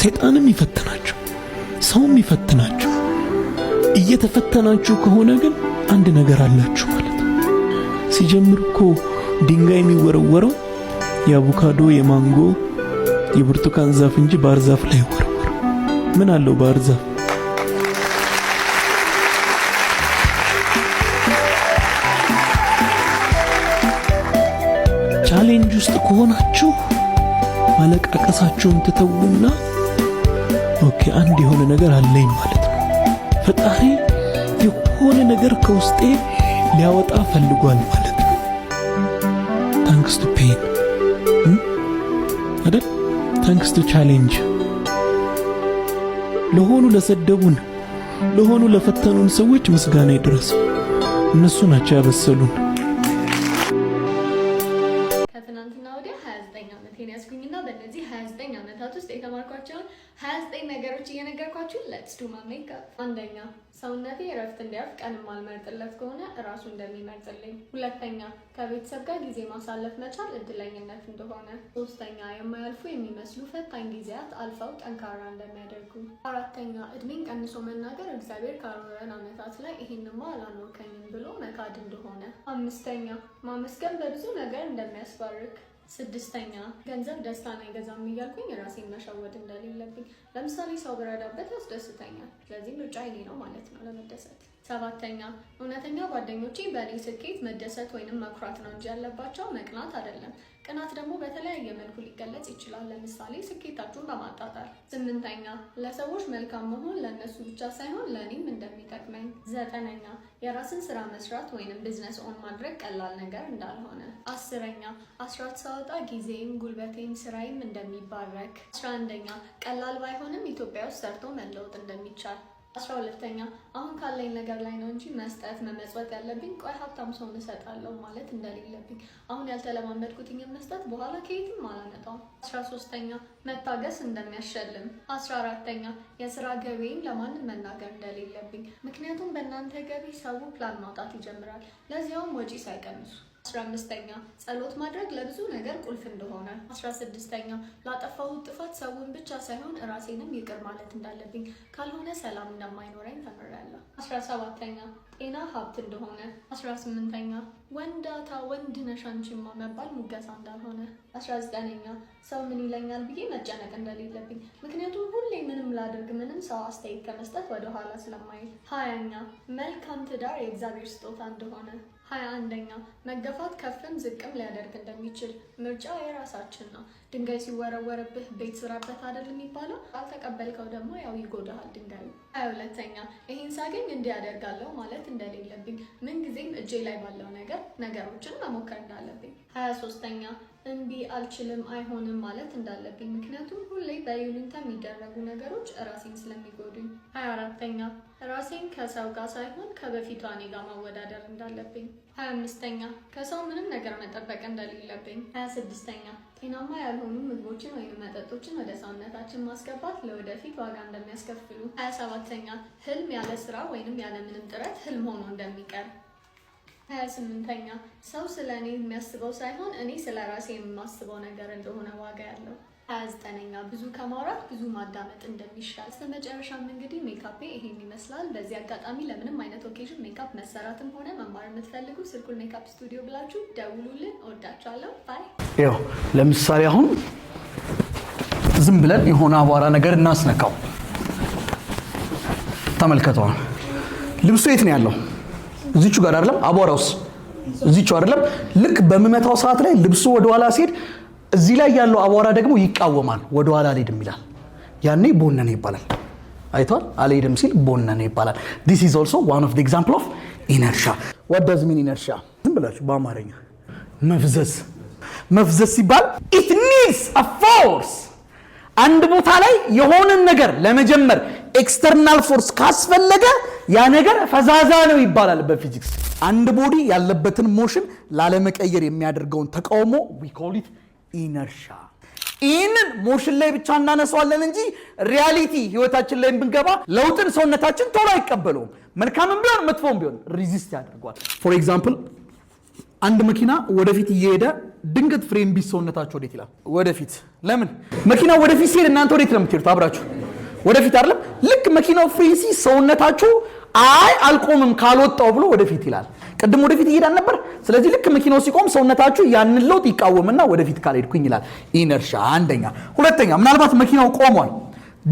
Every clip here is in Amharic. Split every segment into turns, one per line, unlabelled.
ሰይጣንም ይፈትናችሁ፣ ሰውም ይፈትናችሁ። እየተፈተናችሁ ከሆነ ግን አንድ ነገር አላችሁ ማለት ነው። ሲጀምር እኮ ድንጋይ የሚወረወረው የአቮካዶ፣ የማንጎ፣ የብርቱካን ዛፍ እንጂ ባህር ዛፍ ላይ ወረወረ። ምን አለው ባህር ዛፍ? ቻሌንጅ ውስጥ ከሆናችሁ ማለቃቀሳችሁን ትተውና አንድ የሆነ ነገር አለኝ ማለት ነው። ፈጣሪ የሆነ ነገር ከውስጤ ሊያወጣ ፈልጓል ማለት ነው። ታንክስ ቱ ፔን አይደል? ታንክስ ቱ ቻሌንጅ ለሆኑ ለሰደቡን፣ ለሆኑ ለፈተኑን ሰዎች ምስጋና ይድረስ። እነሱ ናቸው ያበሰሉን።
ከትናንትና ወዲያ 29 ዓመቴን ያዝኩኝና በእነዚህ 29 ዓመታት ውስጥ የተማርኳቸውን 29 ነገሮች እየነገርኳችሁ ሌትስ ዱ ማይ ሜካፕ። አንደኛ ሰውነቴ እረፍት እንዲያርፍ ቀን ማልመርጥለት ከሆነ እራሱ እንደሚመርጥልኝ። ሁለተኛ ከቤተሰብ ጋር ጊዜ ማሳለፍ መቻል እድለኝነት እንደሆነ። ሶስተኛ የማያልፉ የሚመስሉ ፈታኝ ጊዜያት አልፈው ጠንካራ እንደሚያደርጉ። አራተኛ እድሜን ቀንሶ መናገር እግዚአብሔር ካኖረን ዓመታት ላይ ይሄንማ አላኖርከኝም ብሎ መካድ እንደሆነ። አምስተኛ ማመስገን በብዙ ነገር እንደሚያስባርክ ስድስተኛ ገንዘብ ደስታን አይገዛም እያልኩኝ ራሴን መሸወድ እንደሌለብኝ፣ ለምሳሌ ሰው ብረዳበት ያስደስተኛል። ስለዚህ ምርጫ ይኔ ነው ማለት ነው ለመደሰት ሰባተኛ እውነተኛ ጓደኞቼ በእኔ ስኬት መደሰት ወይንም መኩራት ነው እንጂ ያለባቸው መቅናት አይደለም። ቅናት ደግሞ በተለያየ መልኩ ሊገለጽ ይችላል። ለምሳሌ ስኬታችሁን በማጣጣል። ስምንተኛ ለሰዎች መልካም መሆን ለእነሱ ብቻ ሳይሆን ለእኔም እንደሚጠቅመኝ። ዘጠነኛ የራስን ስራ መስራት ወይንም ቢዝነስ ኦን ማድረግ ቀላል ነገር እንዳልሆነ። አስረኛ አስራት ሳወጣ ጊዜም ጉልበቴም ስራይም እንደሚባረክ። አስራ አንደኛ ቀላል ባይሆንም ኢትዮጵያ ውስጥ ሰርቶ መለወጥ እንደሚቻል አስራ ሁለተኛ አሁን ካለኝ ነገር ላይ ነው እንጂ መስጠት መመጽወት ያለብኝ ቆይ ሀብታም ሰው እሰጣለሁ ማለት እንደሌለብኝ አሁን ያልተለማመድኩትኝን መስጠት በኋላ ከየትም አላመጣው። አስራ ሶስተኛ መታገስ እንደሚያሸልም። አስራ አራተኛ የስራ ገቢን ለማንም መናገር እንደሌለብኝ፣ ምክንያቱም በእናንተ ገቢ ሰው ፕላን ማውጣት ይጀምራል፣ ለዚያውም ወጪ ሳይቀንሱ አስራ አምስተኛ ጸሎት ማድረግ ለብዙ ነገር ቁልፍ እንደሆነ። አስራ ስድስተኛ ላጠፋሁት ጥፋት ሰውን ብቻ ሳይሆን ራሴንም ይቅር ማለት እንዳለብኝ ካልሆነ ሰላም እንደማይኖረኝ ተምሬያለሁ። አስራ ሰባተኛ ጤና ሀብት እንደሆነ። አስራ ስምንተኛ ወንዳታ ወንድ ነሽ አንቺማ መባል ሙገሳ እንዳልሆነ። አስራ ዘጠነኛ ሰው ምን ይለኛል ብዬ መጨነቅ እንደሌለብኝ ምክንያቱም ሁሌ ምንም ላድርግ ምንም ሰው አስተያየት ከመስጠት ወደኋላ ስለማይል። ሀያኛ መልካም ትዳር የእግዚአብሔር ስጦታ እንደሆነ ሀያ አንደኛ መገፋት ከፍም ዝቅም ሊያደርግ እንደሚችል ምርጫ የራሳችን ነው። ድንጋይ ሲወረወርብህ ቤት ስራበት አይደል የሚባለው? አልተቀበልከው ደግሞ ያው ይጎዳሃል ድንጋዩ። ሀያ ሁለተኛ ይህን ሳገኝ እንዲያደርጋለሁ ማለት እንደሌለብኝ ምን ጊዜ እጄ ላይ ባለው ነገር ነገሮችን መሞከር እንዳለብኝ፣ ሀያ ሶስተኛ እምቢ አልችልም አይሆንም ማለት እንዳለብኝ፣ ምክንያቱም ሁሌ በይሉኝታ የሚደረጉ ነገሮች ራሴን ስለሚጎዱኝ። ሀያ አራተኛ ራሴን ከሰው ጋር ሳይሆን ከበፊቷ እኔ ጋር ማወዳደር እንዳለብኝ። ሀያ አምስተኛ ከሰው ምንም ነገር መጠበቅ እንደሌለብኝ። ሀያ ስድስተኛ ጤናማ ያልሆኑ ምግቦችን ወይም መጠጦችን ወደ ሰውነታችን ማስገባት ለወደፊት ዋጋ እንደሚያስከፍሉ። ሀያ ሰባተኛ ህልም ያለ ስራ ወይንም ያለ ምንም ጥረት ህልም ሆኖ እንደሚቀር ሀያ ስምንተኛ ሰው ስለ እኔ የሚያስበው ሳይሆን እኔ ስለ ራሴ የማስበው ነገር እንደሆነ ዋጋ ያለው። ሀያ ዘጠነኛ ብዙ ከማውራት ብዙ ማዳመጥ እንደሚሻል። መጨረሻም እንግዲህ ሜካፕ ይሄን ይመስላል። በዚህ አጋጣሚ ለምንም አይነት ኦኬዥን ሜካፕ መሰራትም ሆነ መማር የምትፈልጉ ስልኩል ሜካፕ ስቱዲዮ ብላችሁ ደውሉልን። እወዳችኋለሁ። ባይ።
ይኸው ለምሳሌ አሁን ዝም ብለን የሆነ አቧራ ነገር እናስነካው። ተመልከተዋል። ልብሱ የት ነው ያለው? እዚቹ ጋር አይደለም አቧራውስ እዚቹ አይደለም። ልክ በምመታው ሰዓት ላይ ልብሱ ወደኋላ ሲሄድ እዚህ ላይ ያለው አቧራ ደግሞ ይቃወማል። ወደኋላ አልሄድም ይላል። ያኔ ቦነነ ይባላል። አይቷል። አልሄድም ሲል ቦነነ ይባላል። ዲስ ኢዝ ኦልሶ ዋን ኦፍ ኤግዛምፕል ኦፍ ኢነርሻ። ወዳዝ ሚን ኢነርሻ ዝም ብላችሁ በአማርኛ መፍዘዝ። መፍዘዝ ሲባል ኢት ኒድስ አ ፎርስ አንድ ቦታ ላይ የሆነን ነገር ለመጀመር ኤክስተርናል ፎርስ ካስፈለገ ያ ነገር ፈዛዛ ነው ይባላል በፊዚክስ። አንድ ቦዲ ያለበትን ሞሽን ላለመቀየር የሚያደርገውን ተቃውሞ ዊ ኮል ኢት ኢነርሻ። ይህንን ሞሽን ላይ ብቻ እናነሰዋለን እንጂ ሪያሊቲ ህይወታችን ላይ ብንገባ ለውጥን ሰውነታችን ቶሎ አይቀበለውም። መልካምም ቢሆን መጥፎም ቢሆን ሪዚስት ያደርጓል። ፎር ኤግዛምፕል አንድ መኪና ወደፊት እየሄደ ድንገት ፍሬም ቢስ ሰውነታችሁ ወዴት ይላል? ወደፊት። ለምን መኪና ወደፊት ሲሄድ እናንተ ወዴት ነው የምትሄዱት? አብራችሁ ወደፊት አይደለም። ልክ መኪናው ፍሬ ሲ ሰውነታችሁ አይ አልቆምም ካልወጣው ብሎ ወደፊት ይላል። ቅድም ወደፊት ይሄዳል ነበር። ስለዚህ ልክ መኪናው ሲቆም ሰውነታችሁ ያንን ለውጥ ይቃወምና ወደፊት ካልሄድኩኝ ይላል። ኢነርሻ አንደኛ። ሁለተኛ ምናልባት መኪናው ቆሟል፣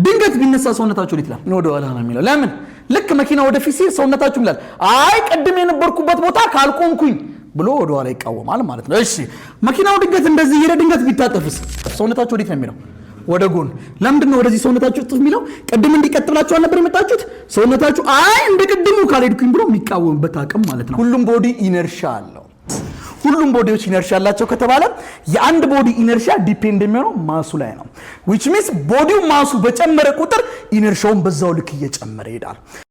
ድንገት ቢነሳ ሰውነታችሁ ሊትላል ወደ ኋላ ነው የሚለው። ለምን ልክ መኪና ወደፊት ሲሄድ ሰውነታችሁ ይላል፣ አይ ቅድም የነበርኩበት ቦታ ካልቆምኩኝ ብሎ ወደኋላ ይቃወማል ማለት ነው። እሺ መኪናው ድንገት እንደዚህ ሄደ፣ ድንገት ቢታጠፍስ ሰውነታችሁ ወዴት ነው የሚለው? ወደ ጎን። ለምንድን ነው ወደዚህ ሰውነታችሁ ጥፍ የሚለው? ቅድም እንዲቀጥ ብላችሁ አልነበር የመጣችሁት? ሰውነታችሁ አይ እንደ ቅድሙ ካልሄድኩኝ ብሎ የሚቃወምበት አቅም ማለት ነው። ሁሉም ቦዲ ኢነርሻ አለው። ሁሉም ቦዲዎች ኢነርሻ አላቸው ከተባለ የአንድ ቦዲ ኢነርሻ ዲፔንድ የሚሆነው ማሱ ላይ ነው። ዊች ሚንስ ቦዲው ማሱ በጨመረ ቁጥር ኢነርሻውን በዛው ልክ እየጨመረ ይሄዳል።